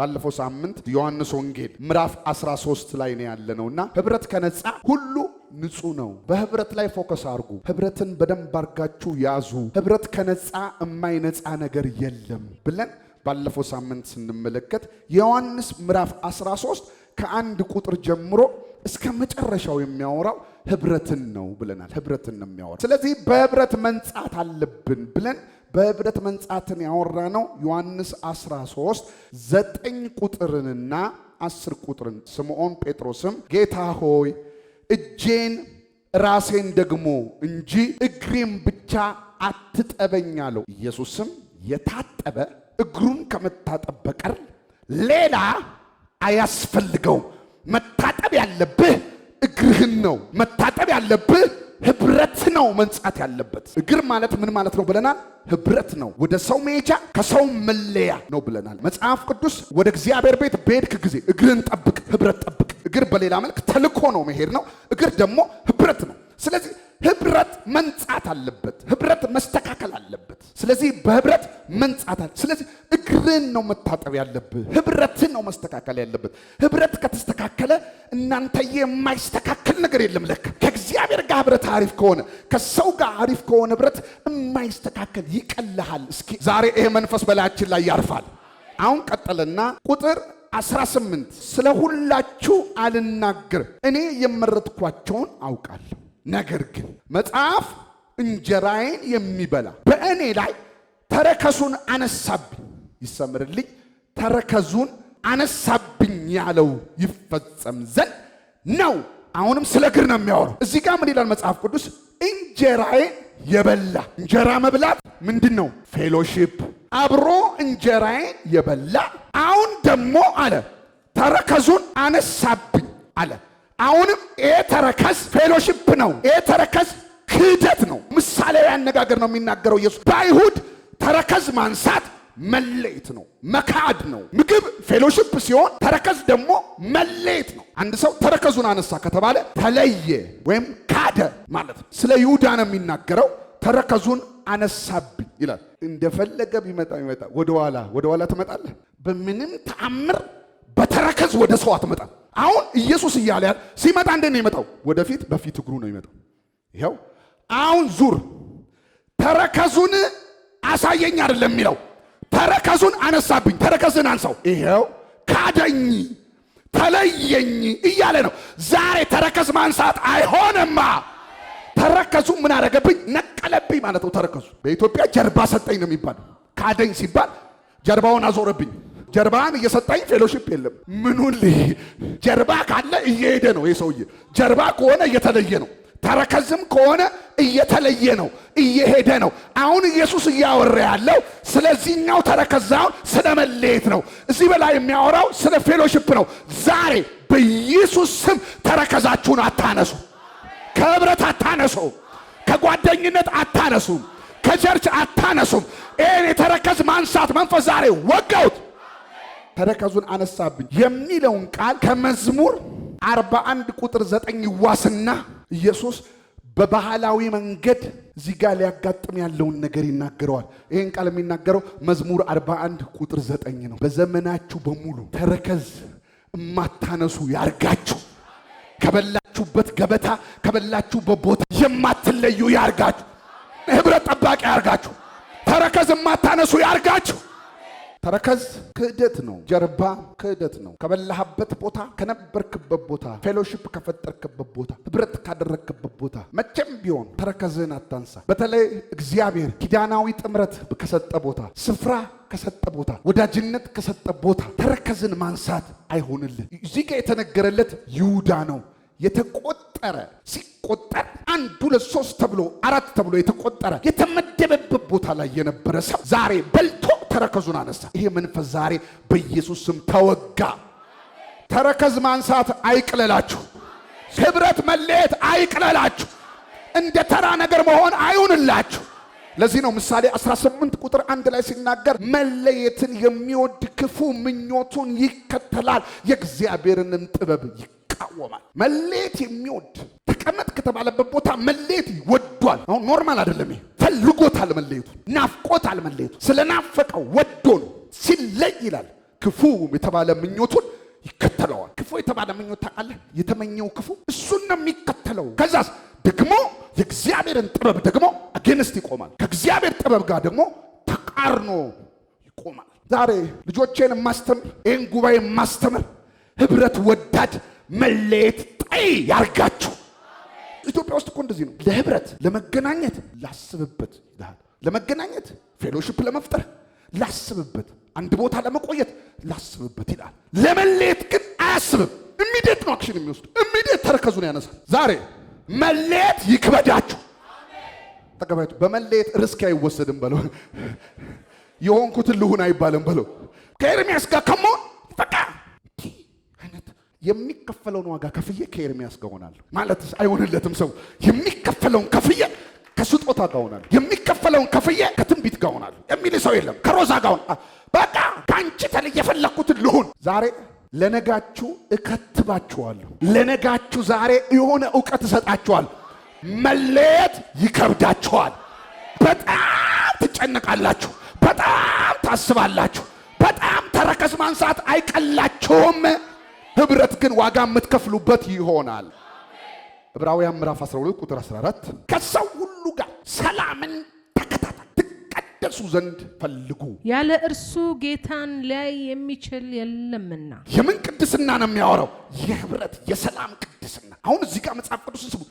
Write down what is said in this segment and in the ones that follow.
ባለፈው ሳምንት ዮሐንስ ወንጌል ምዕራፍ 13 ላይ ነው ያለነውና ህብረት ከነጻ ሁሉ ንጹህ ነው። በህብረት ላይ ፎከስ አድርጉ። ህብረትን በደንብ አድርጋችሁ ያዙ። ህብረት ከነጻ የማይነጻ ነገር የለም ብለን ባለፈው ሳምንት ስንመለከት የዮሐንስ ምዕራፍ 13 ከአንድ ቁጥር ጀምሮ እስከ መጨረሻው የሚያወራው ህብረትን ነው ብለናል። ህብረትን ነው የሚያወራው። ስለዚህ በህብረት መንጻት አለብን ብለን በህብረት መንጻትን ያወራ ነው። ዮሐንስ 13 ዘጠኝ ቁጥርንና አስር ቁጥርን ስምዖን ጴጥሮስም ጌታ ሆይ እጄን ራሴን ደግሞ እንጂ እግሬም ብቻ አትጠበኝ አለው። ኢየሱስም የታጠበ እግሩን ከመታጠብ በቀር ሌላ አያስፈልገውም። መታጠብ ያለብህ እግርህን ነው። መታጠብ ያለብህ ህብረት ነው መንጻት ያለበት። እግር ማለት ምን ማለት ነው ብለናል? ህብረት ነው። ወደ ሰው መሄጃ ከሰው መለያ ነው ብለናል። መጽሐፍ ቅዱስ ወደ እግዚአብሔር ቤት በሄድክ ጊዜ እግርን ጠብቅ፣ ህብረት ጠብቅ። እግር በሌላ መልክ ተልኮ ነው መሄድ ነው። እግር ደግሞ ህብረት ነው። ስለዚህ ህብረት መንጻት አለበት። ህብረት መስተካከል አለበት። ስለዚህ በህብረት መንጻት አለ። ስለዚህ እግርን ነው መታጠብ ያለብህ። ህብረትን ነው መስተካከል ያለበት። ህብረት ከተስተካከለ እናንተዬ የማይስተካከል ነገር የለም። ለካ ከእግዚአብሔር ጋር ህብረት አሪፍ ከሆነ ከሰው ጋር አሪፍ ከሆነ ህብረት የማይስተካከል ይቀልሃል። እስኪ ዛሬ ይሄ መንፈስ በላያችን ላይ ያርፋል። አሁን ቀጠለና ቁጥር 18 ስለ ሁላችሁ አልናገር፣ እኔ የመረጥኳቸውን አውቃለሁ ነገር ግን መጽሐፍ እንጀራዬን የሚበላ በእኔ ላይ ተረከዙን አነሳብኝ ይሰምርልኝ፣ ተረከዙን አነሳብኝ ያለው ይፈጸም ዘንድ ነው። አሁንም ስለ እግር ነው የሚያወሩ። እዚህ ጋር ምን ይላል መጽሐፍ ቅዱስ? እንጀራዬን የበላ እንጀራ መብላት ምንድን ነው? ፌሎሺፕ አብሮ እንጀራዬን የበላ አሁን ደግሞ አለ ተረከዙን አነሳብኝ አለ አሁንም ይሄ ተረከዝ ፌሎሺፕ ነው። ይሄ ተረከዝ ክህደት ነው። ምሳሌያዊ አነጋገር ነው የሚናገረው ኢየሱስ። በአይሁድ ተረከዝ ማንሳት መለየት ነው፣ መካድ ነው። ምግብ ፌሎሺፕ ሲሆን ተረከዝ ደግሞ መለየት ነው። አንድ ሰው ተረከዙን አነሳ ከተባለ ተለየ ወይም ካደ ማለት ነው። ስለ ይሁዳ ነው የሚናገረው። ተረከዙን አነሳብኝ ይላል። እንደፈለገ ቢመጣ ቢመጣ ወደኋላ ወደኋላ ትመጣለህ። በምንም ተአምር በተረከዝ ወደ ሰው አትመጣም። አሁን ኢየሱስ እያለ ያለ ሲመጣ እንዴት ነው የመጣው? ወደፊት በፊት እግሩ ነው ይመጣው። ይኸው አሁን ዙር ተረከዙን አሳየኝ አይደለም የሚለው ተረከዙን አነሳብኝ። ተረከዝን አንሳው። ይኸው ካደኝ ተለየኝ እያለ ነው። ዛሬ ተረከዝ ማንሳት አይሆንማ። ተረከዙ ምን አደረገብኝ? ነቀለብኝ ማለት ነው። ተረከዙ በኢትዮጵያ ጀርባ ሰጠኝ ነው የሚባለው። ካደኝ ሲባል ጀርባውን አዞረብኝ ጀርባን እየሰጣኝ ፌሎሺፕ የለም። ምኑን ጀርባ ካለ እየሄደ ነው። ይህ ሰውዬ ጀርባ ከሆነ እየተለየ ነው። ተረከዝም ከሆነ እየተለየ ነው፣ እየሄደ ነው። አሁን ኢየሱስ እያወራ ያለው ስለዚህኛው ተረከዛውን ስለ መለየት ነው። እዚህ በላይ የሚያወራው ስለ ፌሎሺፕ ነው። ዛሬ በኢየሱስ ስም ተረከዛችሁን አታነሱ። ከህብረት አታነሱ። ከጓደኝነት አታነሱም። ከቸርች አታነሱም። ይህን የተረከዝ ማንሳት መንፈስ ዛሬ ወጋውት። ተረከዙን አነሳብኝ የሚለውን ቃል ከመዝሙር 41 ቁጥር 9 ይዋስና ኢየሱስ በባህላዊ መንገድ እዚህ ጋር ሊያጋጥም ያለውን ነገር ይናገረዋል። ይህን ቃል የሚናገረው መዝሙር 41 ቁጥር 9 ነው። በዘመናችሁ በሙሉ ተረከዝ እማታነሱ ያርጋችሁ ከበላችሁበት ገበታ ከበላችሁበት ቦታ የማትለዩ ያርጋችሁ። ህብረት ጠባቂ ያርጋችሁ። ተረከዝ እማታነሱ ያርጋችሁ። ተረከዝ ክህደት ነው። ጀርባ ክህደት ነው። ከበላህበት ቦታ፣ ከነበርክበት ቦታ፣ ፌሎሺፕ ከፈጠርክበት ቦታ፣ ህብረት ካደረግክበት ቦታ መቼም ቢሆን ተረከዝህን አታንሳ። በተለይ እግዚአብሔር ኪዳናዊ ጥምረት ከሰጠ ቦታ ስፍራ ከሰጠ ቦታ ወዳጅነት ከሰጠ ቦታ ተረከዝን ማንሳት አይሆንልን። እዚህ ጋር የተነገረለት ይሁዳ ነው። የተቆጠረ ሲቆጠር አንድ ሁለት ሶስት ተብሎ አራት ተብሎ የተቆጠረ የተመደበበት ቦታ ላይ የነበረ ሰው ዛሬ በልቶ ተረከዙን አነሳ። ይሄ መንፈስ ዛሬ በኢየሱስ ስም ተወጋ። ተረከዝ ማንሳት አይቅለላችሁ። ህብረት መለየት አይቅለላችሁ። እንደ ተራ ነገር መሆን አይሁንላችሁ። ለዚህ ነው ምሳሌ 18 ቁጥር አንድ ላይ ሲናገር መለየትን የሚወድ ክፉ ምኞቱን ይከተላል፣ የእግዚአብሔርንም ጥበብ ይቃወማል። መለየት የሚወድ ተቀመጥ ከተባለበት ቦታ መለየት ወዷል አሁን ኖርማል አይደለም። ይሄ ፈልጎታል፣ መለየቱ ናፍቆታል። መለየቱ ስለናፈቀው ወዶ ነው። ሲለይ ይላል ክፉ የተባለ ምኞቱን ይከተለዋል። ክፉ የተባለ ምኞት ታውቃለህ? የተመኘው ክፉ እሱን ነው የሚከተለው። ከዛስ ደግሞ የእግዚአብሔርን ጥበብ ደግሞ አጌንስት ይቆማል። ከእግዚአብሔር ጥበብ ጋር ደግሞ ተቃርኖ ይቆማል። ዛሬ ልጆቼን የማስተምር ይህን ጉባኤ የማስተምር ህብረት ወዳድ መለየት ጣይ ያርጋችሁ። ኢትዮጵያ ውስጥ እኮ እንደዚህ ነው። ለህብረት፣ ለመገናኘት ላስብበት ይልሃል። ለመገናኘት ፌሎሽፕ ለመፍጠር ላስብበት፣ አንድ ቦታ ለመቆየት ላስብበት ይላል። ለመለየት ግን አያስብም። እሚዴት ነው አክሽን የሚወስዱ እሚዴት ተረከዙን ያነሳል። ዛሬ መለየት ይክበዳችሁ። ተቀባይቱ በመለየት ርስክ አይወሰድም በለው። የሆንኩትን ልሁን አይባልም በለው። ከኤርሚያስ ጋር ከመሆን የሚከፈለውን ዋጋ ከፍዬ ከኤርሚያስ ጋር ማለት አይሆንለትም። ሰው የሚከፈለውን ከፍዬ ከስጦታ ጋር የሚከፈለውን ከፍዬ ከትንቢት ጋር እሆናለሁ የሚል ሰው የለም። ከሮዛ ጋር በቃ ከአንቺ ተለየ የፈለግኩትን ልሁን ዛሬ ለነጋችሁ እከትባችኋለሁ። ለነጋችሁ ዛሬ የሆነ እውቀት እሰጣችኋል። መለየት ይከብዳችኋል። በጣም ትጨነቃላችሁ። በጣም ታስባላችሁ። በጣም ተረከዝ ማንሳት አይቀላችሁም። ህብረት ግን ዋጋ የምትከፍሉበት ይሆናል። ዕብራውያን ምዕራፍ 12 ቁጥር 14 ከሰው ሁሉ ጋር ሰላምን ተከታታይ ትቀደሱ ዘንድ ፈልጉ፣ ያለ እርሱ ጌታን ላይ የሚችል የለምና። የምን ቅድስና ነው የሚያወራው? የህብረት የሰላም ቅድስና። አሁን እዚህ ጋር መጽሐፍ ቅዱስን ስሙ።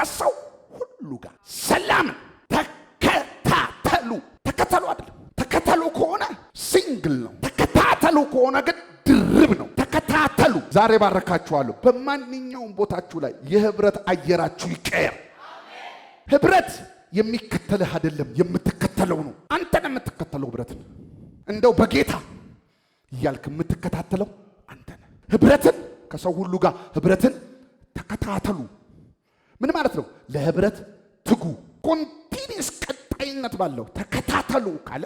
ከሰው ሁሉ ጋር ሰላምን ተከታተሉ። ተከተሉ አይደለም፣ ተከተሉ ከሆነ ሲንግል ነው። ተከታተሉ ከሆነ ግን ድርብ ነው። ዛሬ ባረካችኋለሁ። በማንኛውም ቦታችሁ ላይ የህብረት አየራችሁ ይቀየር። ህብረት የሚከተልህ አይደለም የምትከተለው ነው። አንተ ነው የምትከተለው ህብረትን። እንደው በጌታ እያልክ የምትከታተለው አንተ ነህ። ህብረትን ከሰው ሁሉ ጋር ህብረትን ተከታተሉ። ምን ማለት ነው? ለህብረት ትጉ። ኮንቲኒስ ቀጣይነት ባለው ተከታተሉ ካለ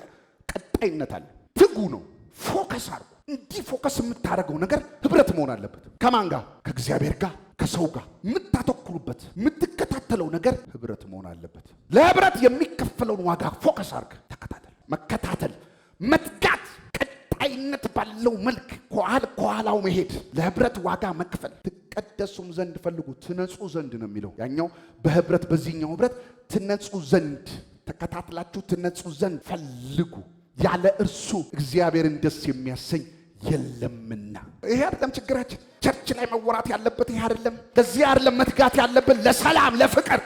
ቀጣይነት አለ። ትጉ ነው። ፎከስ አርጉ። እንዲህ ፎከስ የምታደርገው ነገር ህብረት መሆን አለበት። ከማን ጋር? ከእግዚአብሔር ጋር፣ ከሰው ጋር የምታተኩሩበት የምትከታተለው ነገር ህብረት መሆን አለበት። ለህብረት የሚከፈለውን ዋጋ ፎከስ አድርግ። ተከታተል፣ መከታተል፣ መትጋት ቀጣይነት ባለው መልክ ከኋል ከኋላው መሄድ ለህብረት ዋጋ መክፈል ትቀደሱም ዘንድ ፈልጉ ትነጹ ዘንድ ነው የሚለው ያኛው በህብረት በዚህኛው ህብረት ትነጹ ዘንድ ተከታትላችሁ ትነጹ ዘንድ ፈልጉ ያለ እርሱ እግዚአብሔርን ደስ የሚያሰኝ የለምና። ይሄ አይደለም ችግራችን። ቸርች ላይ መወራት ያለበት ይሄ አይደለም። ለዚህ አይደለም መትጋት ያለብን፣ ለሰላም ለፍቅር።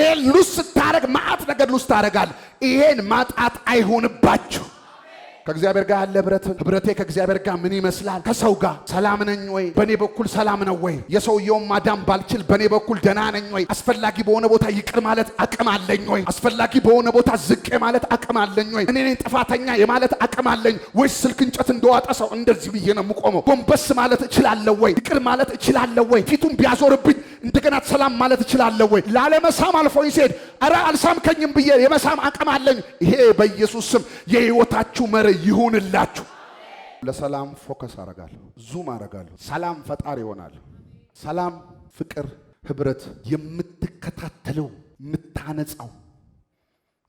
ይሄን ሉስ ስታረግ ማአት ነገር ሉስ ታረጋል። ይሄን ማጣት አይሆንባችሁ። ከእግዚአብሔር ጋር ያለ ህብረት ህብረቴ ከእግዚአብሔር ጋር ምን ይመስላል? ከሰው ጋር ሰላም ነኝ ወይ? በእኔ በኩል ሰላም ነው ወይ? የሰውየውን ማዳም ባልችል በእኔ በኩል ደህና ነኝ ወይ? አስፈላጊ በሆነ ቦታ ይቅር ማለት አቅም አለኝ ወይ? አስፈላጊ በሆነ ቦታ ዝቅ ማለት አቅም አለኝ ወይ? እኔ ነኝ ጥፋተኛ የማለት አቅም አለኝ ወይስ ስልክ እንጨት እንደዋጠ ሰው እንደዚህ ብዬ ነው የምቆመው? ጎንበስ ማለት እችላለሁ ወይ? ይቅር ማለት እችላለሁ ወይ? ፊቱን ቢያዞርብኝ እንደገና ሰላም ማለት እችላለሁ ወይ? ላለመሳም አልፎኝ ሲሄድ እረ አልሳምከኝም ብዬ የመሳም አቅም አለኝ። ይሄ በኢየሱስ ስም የህይወታችሁ መሪ ይሁንላችሁ። ለሰላም ፎከስ አረጋለሁ፣ ዙም አረጋለሁ። ሰላም ፈጣሪ ይሆናል። ሰላም፣ ፍቅር፣ ህብረት የምትከታተለው የምታነጻው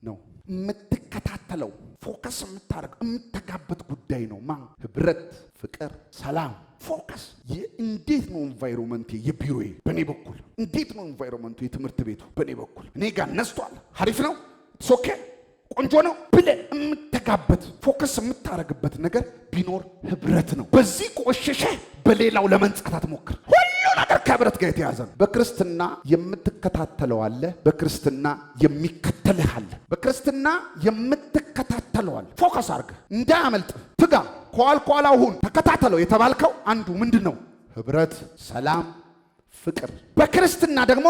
ነው የምትከታተለው ፎከስ የምታደርግ የምተጋበት ጉዳይ ነው። ማ ህብረት ፍቅር፣ ሰላም፣ ፎከስ። እንዴት ነው ኢንቫይሮመንቴ? የቢሮዬ በእኔ በኩል እንዴት ነው ኢንቫይሮመንቱ? የትምህርት ቤቱ በእኔ በኩል እኔ ጋር ነስቷል። አሪፍ ነው፣ ሶኬ ቆንጆ ነው ብለህ የምትተጋበት ፎከስ የምታደርግበት ነገር ቢኖር ህብረት ነው። በዚህ ቆሸሸ፣ በሌላው ለመንጻት አትሞክር። ከህብረት ጋር የተያዘ ነው። በክርስትና የምትከታተለው አለ፣ በክርስትና የሚከተልህ አለ። በክርስትና የምትከታተለው አለ። ፎከስ አርገ እንዳያመልጥ ትጋ፣ ከኋል ከኋላ ሁን፣ ተከታተለው። የተባልከው አንዱ ምንድን ነው? ህብረት፣ ሰላም፣ ፍቅር። በክርስትና ደግሞ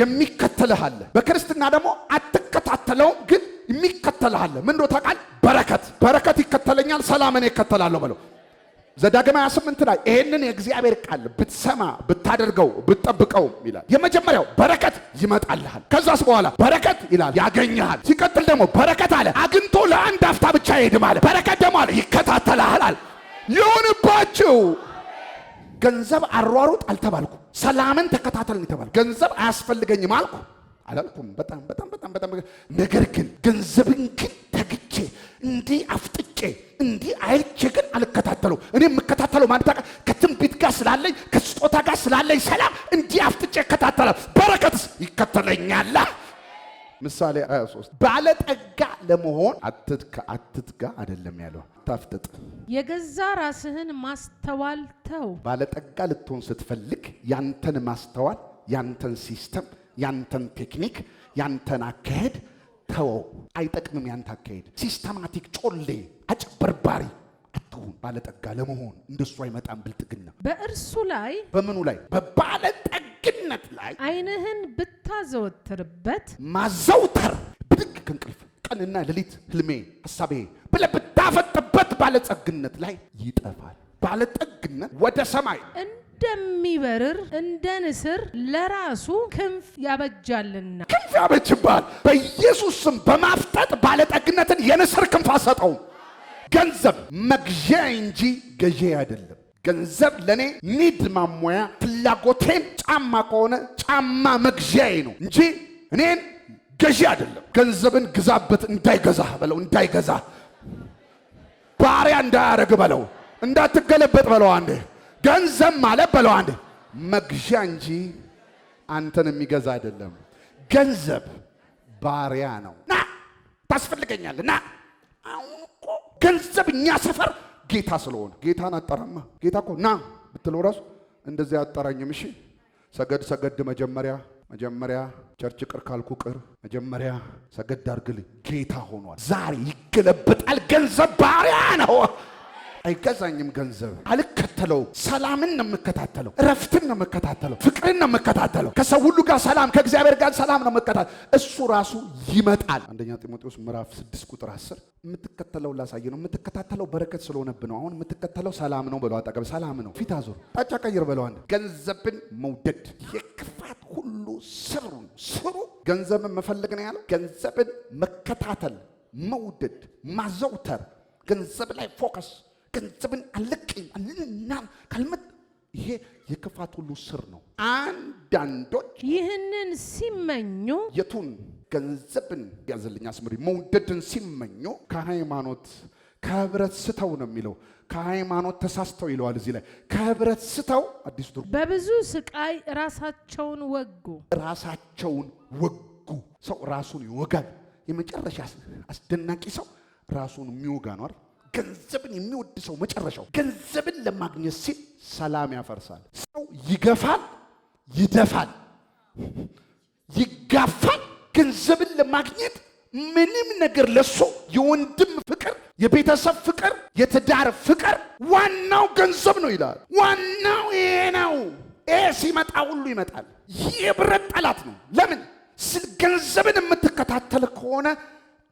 የሚከተልህ አለ። በክርስትና ደግሞ አትከታተለውም ግን የሚከተልህ አለ። ምን ዶ ታውቃል? በረከት በረከት ይከተለኛል፣ ሰላምን ይከተላለሁ በለው ዘዳግም 28 ላይ ይሄንን የእግዚአብሔር ቃል ብትሰማ ብታደርገው ብትጠብቀው ይላል። የመጀመሪያው በረከት ይመጣልሃል። ከዛስ በኋላ በረከት ይላል ያገኘሃል። ሲቀጥል ደግሞ በረከት አለ አግኝቶ ለአንድ አፍታ ብቻ ይሄድም አለ። በረከት ደግሞ አለ ይከታተልሃል አለ። ይሁንባችሁ። ገንዘብ አሯሩጥ አልተባልኩ፣ ሰላምን ተከታተልን ተባልኩ። ገንዘብ አያስፈልገኝም አልኩ አላልኩም። በጣም በጣም በጣም በጣም ነገር ግን ገንዘብን ግን ተግ እንዲህ አፍጥጬ እንዲህ አይቼ ግን አልከታተለው። እኔ የምከታተለው ማለት ታውቃ ከትንቢት ጋር ስላለኝ ከስጦታ ጋር ስላለኝ ሰላም እንዲህ አፍጥጬ እከታተላል። በረከትስ ይከተለኛላ። ምሳሌ 23 ባለጠጋ ለመሆን አትትጋ አትትጋ አይደለም ያለው፣ አታፍጥጥ። የገዛ ራስህን ማስተዋል ተው። ባለጠጋ ልትሆን ስትፈልግ ያንተን ማስተዋል፣ ያንተን ሲስተም፣ ያንተን ቴክኒክ፣ ያንተን አካሄድ ተወው። አይጠቅምም ያንተ አካሄድ። ሲስተማቲክ ጮሌ አጭበርባሪ አትሁን። ባለጠጋ ለመሆን እንደሱ አይመጣም ብልጥግና። በእርሱ ላይ በምኑ ላይ በባለጠግነት ላይ አይንህን ብታዘወትርበት ማዘውተር ብድግ ከእንቅልፍ ቀንና ሌሊት ህልሜ ሀሳቤ ብለ ብታፈጥበት ባለጸግነት ላይ ይጠፋል። ባለጠግነት ወደ ሰማይ እንደሚበርር እንደ ንስር ለራሱ ክንፍ ያበጃልና ክንፍ ያበጅባል። በኢየሱስ ስም በማፍጠጥ ባለጠግነትን የንስር ክንፍ አሰጠው። ገንዘብ መግዣ እንጂ ገዢ አይደለም። ገንዘብ ለእኔ ኒድ ማሟያ ፍላጎቴን ጫማ ከሆነ ጫማ መግዣዬ ነው እንጂ እኔን ገዢ አይደለም። ገንዘብን ግዛበት እንዳይገዛ በለው፣ እንዳይገዛ ባሪያ እንዳያረግ በለው፣ እንዳትገለበጥ በለው አንዴ ገንዘብ ማለት በለው አንድ መግዣ እንጂ አንተን የሚገዛ አይደለም። ገንዘብ ባሪያ ነው። ና ታስፈልገኛል። ና አሁን እኮ ገንዘብ እኛ ሰፈር ጌታ ስለሆነ ጌታን አጠራማ። ጌታ እኮ ና ብትለው ራሱ እንደዚያ አጠራኝም። እሺ ሰገድ ሰገድ መጀመሪያ መጀመሪያ ቸርች ቅር ካልኩ ቅር መጀመሪያ ሰገድ አድርግልኝ። ጌታ ሆኗል ዛሬ ይገለበጣል። ገንዘብ ባሪያ ነው። አይገዛኝም ገንዘብ አልከተለው። ሰላምን ነው የምከታተለው፣ እረፍትን ነው የምከታተለው፣ ፍቅርን ነው የምከታተለው። ከሰው ሁሉ ጋር ሰላም፣ ከእግዚአብሔር ጋር ሰላም ነው የምከታተለው። እሱ ራሱ ይመጣል። አንደኛ ጢሞቴዎስ ምዕራፍ 6 ቁጥር 10 የምትከተለው ላሳየ ነው። የምትከታተለው በረከት ስለሆነብ ነው። አሁን የምትከተለው ሰላም ነው ብለው አጠገብ ሰላም ነው። ፊት አዞር፣ ጣጫ ቀይር በለው። አንድ ገንዘብን መውደድ የክፋት ሁሉ ስሩ ነው። ስሩ ገንዘብን መፈለግ ነው ያለው። ገንዘብን መከታተል፣ መውደድ፣ ማዘውተር፣ ገንዘብ ላይ ፎከስ ገንዘብን አለቀኝ አልልና ካልመጥ ይሄ የክፋት ሁሉ ስር ነው። አንዳንዶች ይህንን ሲመኙ የቱን ገንዘብን ያዘልኛ ስምሪ መውደድን ሲመኙ ከሃይማኖት ከህብረት ስተው ነው የሚለው። ከሃይማኖት ተሳስተው ይለዋል እዚህ ላይ ከህብረት ስተው አዲሱ ትርጉም በብዙ ስቃይ ራሳቸውን ወጉ። ራሳቸውን ወጉ። ሰው ራሱን ይወጋል። የመጨረሻ አስደናቂ ሰው ራሱን የሚወጋ ነው አይደል? ገንዘብን የሚወድ ሰው መጨረሻው ገንዘብን ለማግኘት ሲል ሰላም ያፈርሳል። ሰው ይገፋል፣ ይደፋል፣ ይጋፋል። ገንዘብን ለማግኘት ምንም ነገር ለሱ የወንድም ፍቅር፣ የቤተሰብ ፍቅር፣ የትዳር ፍቅር ዋናው ገንዘብ ነው ይላል። ዋናው ይሄ ነው። ይሄ ሲመጣ ሁሉ ይመጣል። ይህ የብረት ጠላት ነው። ለምን ስል ገንዘብን የምትከታተል ከሆነ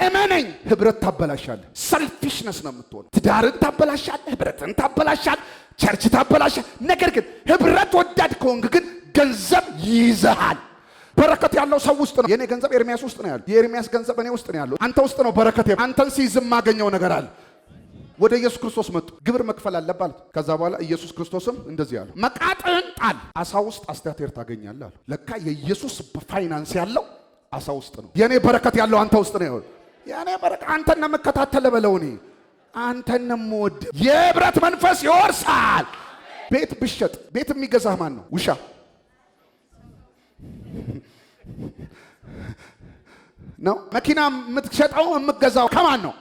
እመነኝ፣ ህብረት ታበላሻለህ። ሰልፊሽነስ ነው የምትሆነው። ትዳርን ታበላሻለህ፣ ህብረትን ታበላሻለህ፣ ቸርች ታበላሻለህ። ነገር ግን ህብረት ወዳድ ከሆንክ ግን ገንዘብ ይይዘሃል። በረከት ያለው ሰው ውስጥ ነው። የኔ ገንዘብ ኤርሚያስ ውስጥ ነው ያለው። የኤርሚያስ ገንዘብ እኔ ውስጥ ነው ያለው። አንተ ውስጥ ነው በረከት። አንተን ሲይዝ የማገኘው ነገር አለ። ወደ ኢየሱስ ክርስቶስ መጡ። ግብር መክፈል አለባል። ከዛ በኋላ ኢየሱስ ክርስቶስም እንደዚህ አለ፣ መቃጥን ጣል፣ አሳ ውስጥ አስተያቴር ታገኛለህ አለ። ለካ የኢየሱስ ፋይናንስ ያለው አሳ ውስጥ ነው። የእኔ በረከት ያለው አንተ ውስጥ ነው ያለው ያኔ በረቅ አንተን ነው የምከታተል በለው። እኔ አንተን ነው የምወድ። የህብረት መንፈስ ይወርሳል። ቤት ብሸጥ ቤት የሚገዛህ ማን ነው? ውሻ ነው። መኪና የምትሸጠው የምገዛው ከማን ነው?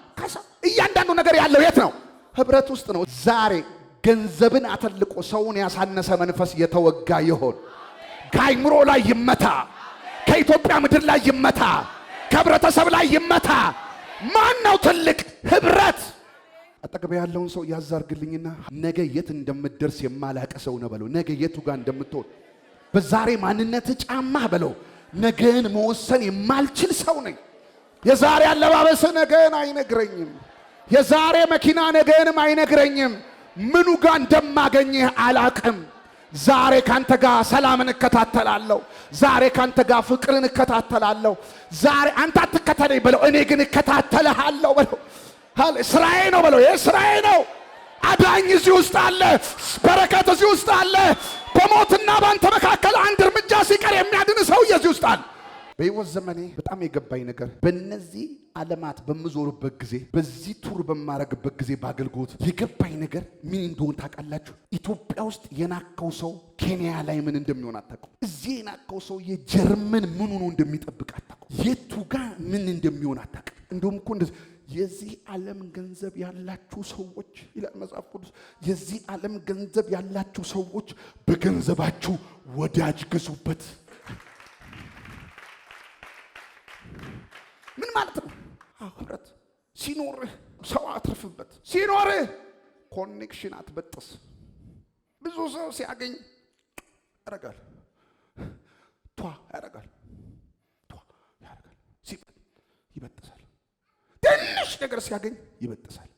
እያንዳንዱ ነገር ያለው የት ነው? ህብረት ውስጥ ነው። ዛሬ ገንዘብን አተልቆ ሰውን ያሳነሰ መንፈስ የተወጋ ይሆን። ከአይምሮ ላይ ይመታ፣ ከኢትዮጵያ ምድር ላይ ይመታ። ከህብረተሰብ ላይ ይመታ። ማን ነው ትልቅ ህብረት? አጠገብ ያለውን ሰው ያዛርግልኝና ነገ የት እንደምትደርስ የማላቀ ሰው ነው በለው። ነገ የቱ ጋር እንደምትሆን በዛሬ ማንነት ጫማ በለው። ነገን መወሰን የማልችል ሰው ነኝ። የዛሬ አለባበስ ነገን አይነግረኝም። የዛሬ መኪና ነገንም አይነግረኝም። ምኑ ጋር እንደማገኘህ አላቅም። ዛሬ ካንተ ጋር ሰላምን እከታተላለሁ። ዛሬ ካንተ ጋር ፍቅርን እከታተላለሁ። ዛሬ አንተ አትከተለኝ በለው፣ እኔ ግን እከታተልሃለሁ በለው። ሃሌ ስራዬ ነው በለው፣ ይህ ስራዬ ነው። አዳኝ እዚህ ውስጥ አለ፣ በረከት እዚህ ውስጥ አለ። በሞትና በአንተ መካከል አንድ እርምጃ ሲቀር የሚያድን ሰውዬ እዚህ ውስጥ አለ። በሕይወት ዘመኔ በጣም የገባኝ ነገር በእነዚህ ዓለማት በምዞርበት ጊዜ በዚህ ቱር በማረግበት ጊዜ በአገልግሎት የገባኝ ነገር ምን እንደሆን ታውቃላችሁ? ኢትዮጵያ ውስጥ የናካው ሰው ኬንያ ላይ ምን እንደሚሆን አታውቀው። እዚህ የናካው ሰው የጀርመን ምን ነው እንደሚጠብቅ አታውቀው። የቱ ጋር ምን እንደሚሆን አታውቅም። እንደውም እኮ እንደዚህ የዚህ ዓለም ገንዘብ ያላችሁ ሰዎች ይላል መጽሐፍ ቅዱስ። የዚህ ዓለም ገንዘብ ያላችሁ ሰዎች በገንዘባችሁ ወዳጅ ግዙበት። ምን ማለት ነው? ህብረት ሲኖርህ ሰው አትርፍበት። ሲኖርህ ኮኔክሽን አትበጥስ። ብዙ ሰው ሲያገኝ ያረጋል፣ ቷ ያረጋል፣ ቷ ያደርጋል፣ ይበጥሳል። ትንሽ ነገር ሲያገኝ ይበጥሳል።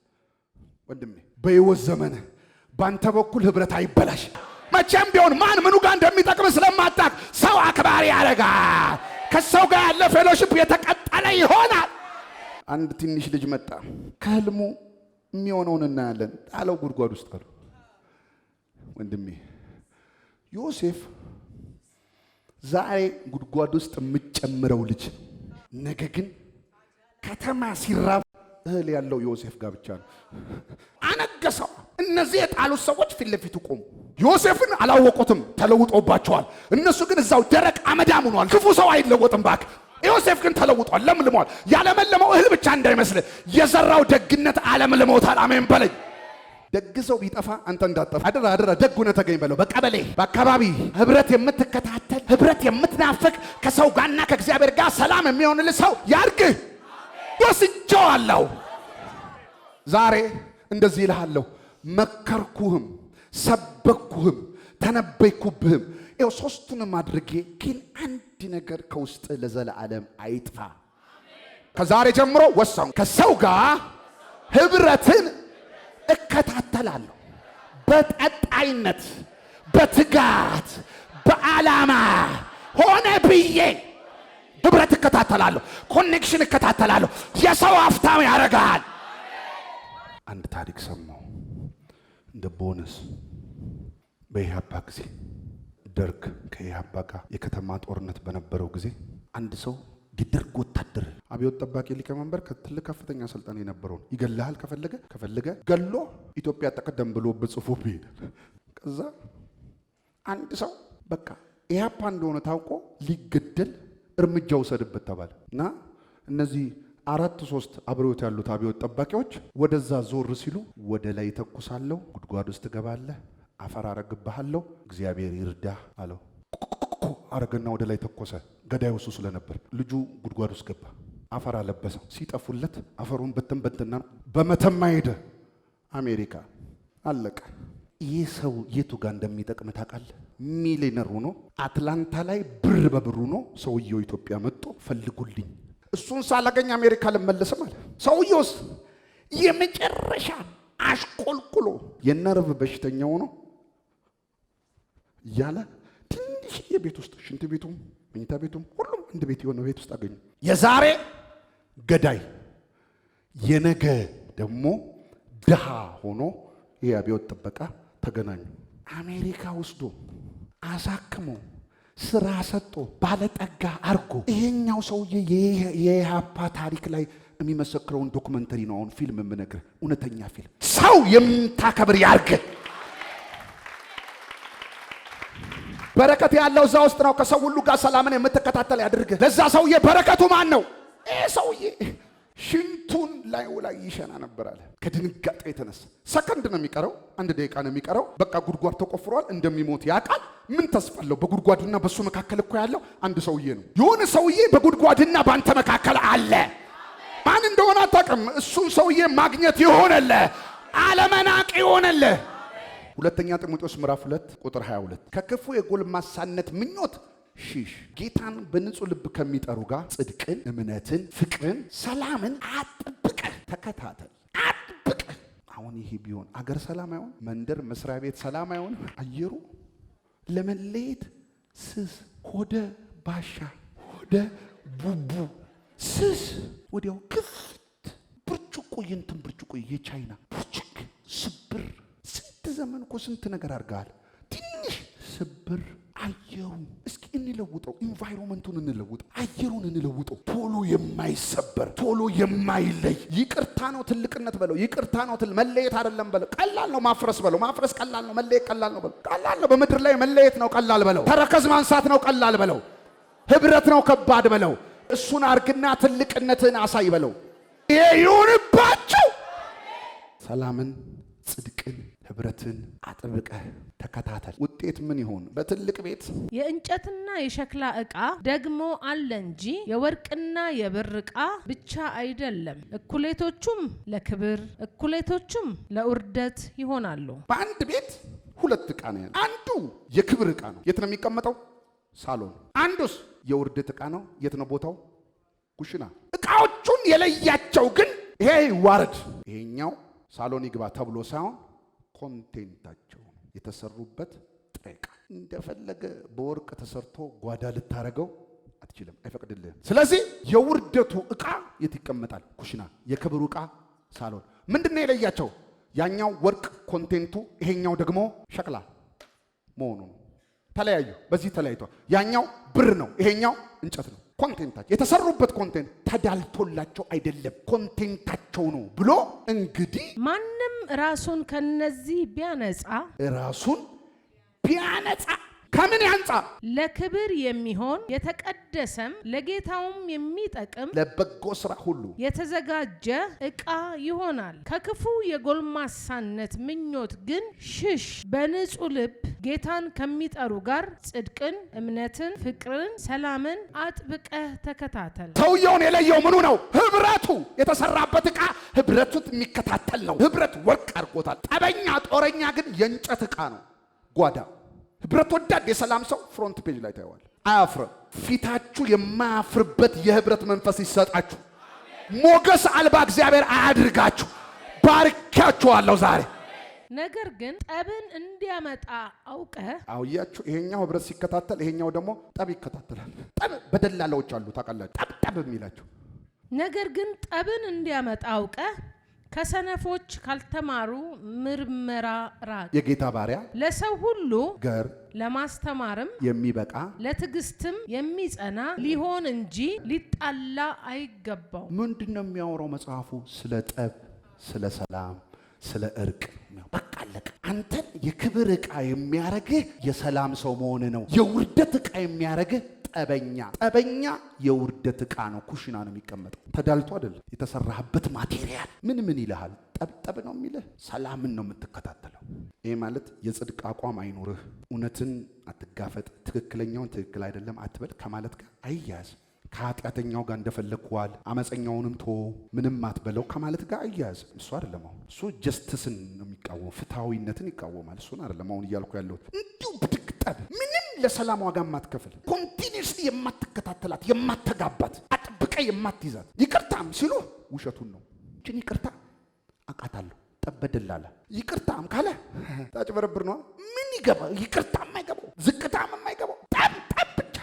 ወንድሜ በህይወት ዘመን በአንተ በኩል ህብረት አይበላሽ። መቼም ቢሆን ማን ምኑ ጋር እንደሚጠቅም ስለማታውቅ ሰው አክባሪ ያረጋል። ከሰው ጋር ያለ ፌሎሽፕ የተቀጠለ ይሆናል። አንድ ትንሽ ልጅ መጣ። ከህልሙ የሚሆነውን እናያለን። ጣለው ጉድጓድ ውስጥ አሉ። ወንድሜ ዮሴፍ ዛሬ ጉድጓድ ውስጥ የምጨምረው ልጅ፣ ነገ ግን ከተማ ሲራብ እህል ያለው ዮሴፍ ጋር ብቻ ነው። አነገሰው። እነዚህ የጣሉት ሰዎች ፊት ለፊቱ ቆሙ። ዮሴፍን አላወቁትም፣ ተለውጦባቸዋል። እነሱ ግን እዛው ደረቅ አመዳም ሆኗል። ክፉ ሰው አይለወጥም ባክ ዮሴፍ ግን ተለውጧል፣ ለምልሟል። ያለመለመው እህል ብቻ እንዳይመስል የዘራው ደግነት አለምልሞታል። አሜን በለኝ። ደግ ሰው ቢጠፋ አንተ እንዳጠፋ አደራ፣ አደራ ደግ ሆነ ተገኝ በለው። በቀበሌ በአካባቢ ህብረት የምትከታተል ህብረት የምትናፍቅ ከሰው ጋርና ከእግዚአብሔር ጋር ሰላም የሚሆንል ሰው ያድርግህ። ወስጄዋለሁ። ዛሬ እንደዚህ ይልሃለሁ፣ መከርኩህም፣ ሰበኩህም፣ ተነበይኩብህም ይኸው ሶስቱንም አድርጌ ግን አንድ ነገር ከውስጥ ለዘለዓለም አይጥፋ። ከዛሬ ጀምሮ ወሰንኩ፣ ከሰው ጋር ህብረትን እከታተላለሁ። በጠጣይነት በትጋት በዓላማ ሆነ ብዬ ህብረት እከታተላለሁ፣ ኮኔክሽን እከታተላለሁ። የሰው ሀብታም ያደርግሃል። አንድ ታሪክ ሰማሁ እንደ ቦነስ በኢህአፓ ጊዜ ደርግ ከኢህአፓ ጋር የከተማ ጦርነት በነበረው ጊዜ አንድ ሰው የደርግ ወታደር አብዮት ጠባቂ ሊቀመንበር ከትልቅ ከፍተኛ ስልጣን የነበረውን ይገልሃል ከፈለገ ከፈለገ ገሎ ኢትዮጵያ ጠቀደም ብሎ ብጽፎ ይሄዳል። ከዛ አንድ ሰው በቃ ኢህአፓ እንደሆነ ታውቆ ሊገደል እርምጃ ውሰድበት ተባለ እና እነዚህ አራት ሶስት አብረውት ያሉት አብዮት ጠባቂዎች ወደዛ ዞር ሲሉ ወደ ላይ ተኩሳለሁ ጉድጓድ ውስጥ ትገባለህ አፈር አረግብሃለሁ፣ እግዚአብሔር ይርዳህ አለው። አረገና ወደ ላይ ተኮሰ። ገዳዩ ውሱ ስለነበር ልጁ ጉድጓድ ውስጥ ገባ። አፈር አለበሰው። ሲጠፉለት አፈሩን በትን በትና በመተማ ሄደ አሜሪካ አለቀ። ይህ ሰው የቱ ጋር እንደሚጠቅም ታውቃለህ? ሚሊነር ሆኖ አትላንታ ላይ ብር በብር ሆኖ ሰውየው ኢትዮጵያ መጥቶ ፈልጉልኝ፣ እሱን ሳላገኝ አሜሪካ ልመለስም አለ። ሰውየውስ የመጨረሻ አሽቆልቁሎ የነርቭ በሽተኛ ሆኖ እያለ ትንሽ ቤት ውስጥ ሽንት ቤቱም መኝታ ቤቱም ሁሉም አንድ ቤት የሆነ ቤት ውስጥ አገኙ። የዛሬ ገዳይ የነገ ደግሞ ድሃ ሆኖ ይህ አብዮት ጥበቃ ተገናኙ። አሜሪካ ወስዶ አሳክሞ ስራ ሰጦ ባለጠጋ አርጎ ይሄኛው ሰውዬ የኢህአፓ ታሪክ ላይ የሚመሰክረውን ዶክመንተሪ ነው አሁን ፊልም የምነግርህ፣ እውነተኛ ፊልም። ሰው የምታከብር ያርግህ። በረከት ያለው እዛ ውስጥ ነው። ከሰው ሁሉ ጋር ሰላምን የምትከታተል ያድርግ። ለዛ ሰውዬ በረከቱ ማን ነው? ይህ ሰውዬ ሽንቱን ላይ ላይ ይሸና ነበር አለ። ከድንጋጤ የተነሳ ሰከንድ ነው የሚቀረው፣ አንድ ደቂቃ ነው የሚቀረው። በቃ ጉድጓድ ተቆፍሯል፣ እንደሚሞት ያውቃል። ምን ተስፋለው? በጉድጓድና በሱ መካከል እኮ ያለው አንድ ሰውዬ ነው። የሆነ ሰውዬ በጉድጓድና በአንተ መካከል አለ። ማን እንደሆነ አታውቅም። እሱን ሰውዬ ማግኘት ይሆነልህ፣ አለመናቅ ይሆነልህ። ሁለተኛ ጢሞቴዎስ ምዕራፍ 2 ቁጥር 22 ከክፉ የጎልማሳነት ምኞት ሽሽ ጌታን በንጹህ ልብ ከሚጠሩ ጋር ጽድቅን፣ እምነትን፣ ፍቅርን፣ ሰላምን አጥብቀ ተከታተል። አጥብቀ አሁን ይሄ ቢሆን አገር ሰላም አይሆን፣ መንደር መስሪያ ቤት ሰላም አይሆን፣ አየሩ ለመለየት ስስ ሆደ ባሻ ሆደ ቡቡ ስስ ወዲያው ክፍት ብርጭቆ የእንትን ብርጭቆ የቻይና ብርጭ ዘመን እኮ ስንት ነገር አድርገሃል። ትንሽ ስብር አየሩ እስኪ እንለውጠው፣ ኢንቫይሮንመንቱን እንለውጠው፣ አየሩን እንለውጠው። ቶሎ የማይሰበር ቶሎ የማይለይ ይቅርታ ነው። ትልቅነት በለው፣ ይቅርታ ነው። መለየት አይደለም በለው፣ ቀላል ነው። ማፍረስ በለው፣ ማፍረስ ቀላል ነው። መለየት ቀላል ነው በለው፣ ቀላል ነው። በምድር ላይ መለየት ነው ቀላል በለው፣ ተረከዝ ማንሳት ነው ቀላል በለው፣ ህብረት ነው ከባድ በለው። እሱን አርግና ትልቅነትን አሳይ በለው። ይሄ ይሁንባቸው ሰላምን ጽድቅን ህብረትን አጥብቀህ ተከታተል። ውጤት ምን ይሆን? በትልቅ ቤት የእንጨትና የሸክላ ዕቃ ደግሞ አለ እንጂ የወርቅና የብር ዕቃ ብቻ አይደለም። እኩሌቶቹም ለክብር እኩሌቶቹም ለውርደት ይሆናሉ። በአንድ ቤት ሁለት ዕቃ ነው። አንዱ የክብር ዕቃ ነው። የት ነው የሚቀመጠው? ሳሎን። አንዱስ የውርደት ዕቃ ነው። የት ነው ቦታው? ኩሽና። ዕቃዎቹን የለያቸው ግን ይሄ ዋረድ ይሄኛው ሳሎን ይግባ ተብሎ ሳይሆን ኮንቴንታቸው የተሰሩበት ጥሬ ዕቃ እንደፈለገ በወርቅ ተሰርቶ ጓዳ ልታረገው አትችልም፣ አይፈቅድልህም። ስለዚህ የውርደቱ ዕቃ የት ይቀመጣል? ኩሽና። የክብሩ ዕቃ ሳሎን። ምንድን ነው የለያቸው? ያኛው ወርቅ ኮንቴንቱ፣ ይሄኛው ደግሞ ሸክላ መሆኑ ነው። ተለያዩ። በዚህ ተለያይቷል። ያኛው ብር ነው፣ ይሄኛው እንጨት ነው። ኮንቴንታቸው የተሰሩበት ኮንቴንት ተዳልቶላቸው አይደለም፣ ኮንቴንታቸው ነው ብሎ እንግዲህ ማንም ራሱን ከነዚህ ቢያነጻ ራሱን ቢያነጻ ከምን ያንጻ ለክብር የሚሆን የተቀደሰም ለጌታውም የሚጠቅም ለበጎ ስራ ሁሉ የተዘጋጀ እቃ ይሆናል። ከክፉ የጎልማሳነት ምኞት ግን ሽሽ። በንጹህ ልብ ጌታን ከሚጠሩ ጋር ጽድቅን፣ እምነትን፣ ፍቅርን፣ ሰላምን አጥብቀህ ተከታተል። ሰውየውን የለየው ምኑ ነው? ህብረቱ የተሰራበት እቃ ህብረቱ የሚከታተል ነው። ህብረት ወርቅ አድርጎታል። ጠበኛ ጦረኛ ግን የእንጨት እቃ ነው ጓዳ ህብረት ወዳድ የሰላም ሰው ፍሮንት ፔጅ ላይ ታየዋል። አያፍርም። ፊታችሁ የማያፍርበት የህብረት መንፈስ ይሰጣችሁ። ሞገስ አልባ እግዚአብሔር አያድርጋችሁ። ባርኪያችኋለሁ ዛሬ። ነገር ግን ጠብን እንዲያመጣ አውቀ አውያችሁ። ይሄኛው ህብረት ሲከታተል፣ ይሄኛው ደግሞ ጠብ ይከታተላል። ጠብ በደላላዎች አሉ ታውቃላችሁ። ጠብ ጠብ የሚላቸው ነገር ግን ጠብን እንዲያመጣ አውቀ ከሰነፎች ካልተማሩ ምርመራ ራቅ። የጌታ ባሪያ ለሰው ሁሉ ገር ለማስተማርም የሚበቃ ለትዕግስትም የሚጸና ሊሆን እንጂ ሊጣላ አይገባው። ምንድን ነው የሚያወራው መጽሐፉ? ስለ ጠብ፣ ስለ ሰላም፣ ስለ እርቅ በቃ አለቀ። አንተን የክብር ዕቃ የሚያረግህ የሰላም ሰው መሆን ነው። የውርደት ዕቃ የሚያረግህ ጠበኛ ጠበኛ የውርደት ዕቃ ነው። ኩሽና ነው የሚቀመጠው። ተዳልቶ አይደለም የተሰራህበት ማቴሪያል ምን ምን ይልሃል። ጠብጠብ ነው የሚልህ። ሰላምን ነው የምትከታተለው። ይህ ማለት የጽድቅ አቋም አይኑርህ። እውነትን አትጋፈጥ። ትክክለኛውን ትክክል አይደለም አትበል ከማለት ጋር አያያዝ ከኃጢአተኛው ጋር እንደፈለግኳል አመፀኛውንም ቶ ምንም አትበለው ከማለት ጋር አያያዝ እሱ አይደለም። አሁን እሱ ጀስትስን ነው የሚቃወም ፍትሐዊነትን ይቃወማል። እሱን አይደለም አሁን እያልኩ ያለሁት እንዲሁ ብድግጠብ ምን ለሰላም ዋጋ የማትከፍል ኮንቲኒስሊ የማትከታተላት የማትተጋባት አጥብቀ የማትይዛት ይቅርታም ሲሉ ውሸቱን ነው። እችን ይቅርታ አቃታለሁ ጠበድላለ ይቅርታም ካለ ታጭበረብር ነ ምን ይገባ? ይቅርታ የማይገባው ዝቅታም የማይገባው ጣም ጣም ብቻ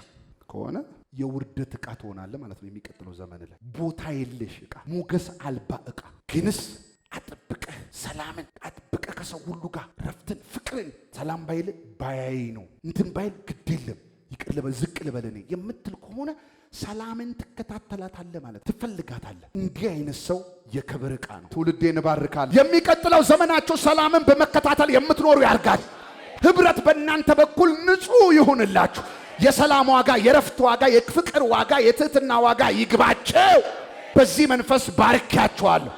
ከሆነ የውርደት እቃ ትሆናለ ማለት ነው። የሚቀጥለው ዘመን ላይ ቦታ የለሽ እቃ፣ ሞገስ አልባ እቃ ግንስ ሰላምን አጥብቀ ከሰው ሁሉ ጋር ረፍትን፣ ፍቅርን ሰላም ባይል ባያይ ነው እንትን ባይል ግድ የለም ይቅር ልበል ዝቅ ልበል እኔ የምትል ከሆነ ሰላምን ትከታተላታለ ማለት ትፈልጋታለ እንዲህ አይነት ሰው የክብር ዕቃ ነው። ትውልዴ እባርካለሁ። የሚቀጥለው ዘመናቸው ሰላምን በመከታተል የምትኖሩ ያርጋል። ህብረት በእናንተ በኩል ንጹህ ይሁንላችሁ። የሰላም ዋጋ፣ የረፍት ዋጋ፣ የፍቅር ዋጋ፣ የትህትና ዋጋ ይግባቸው። በዚህ መንፈስ ባርኪያችኋለሁ።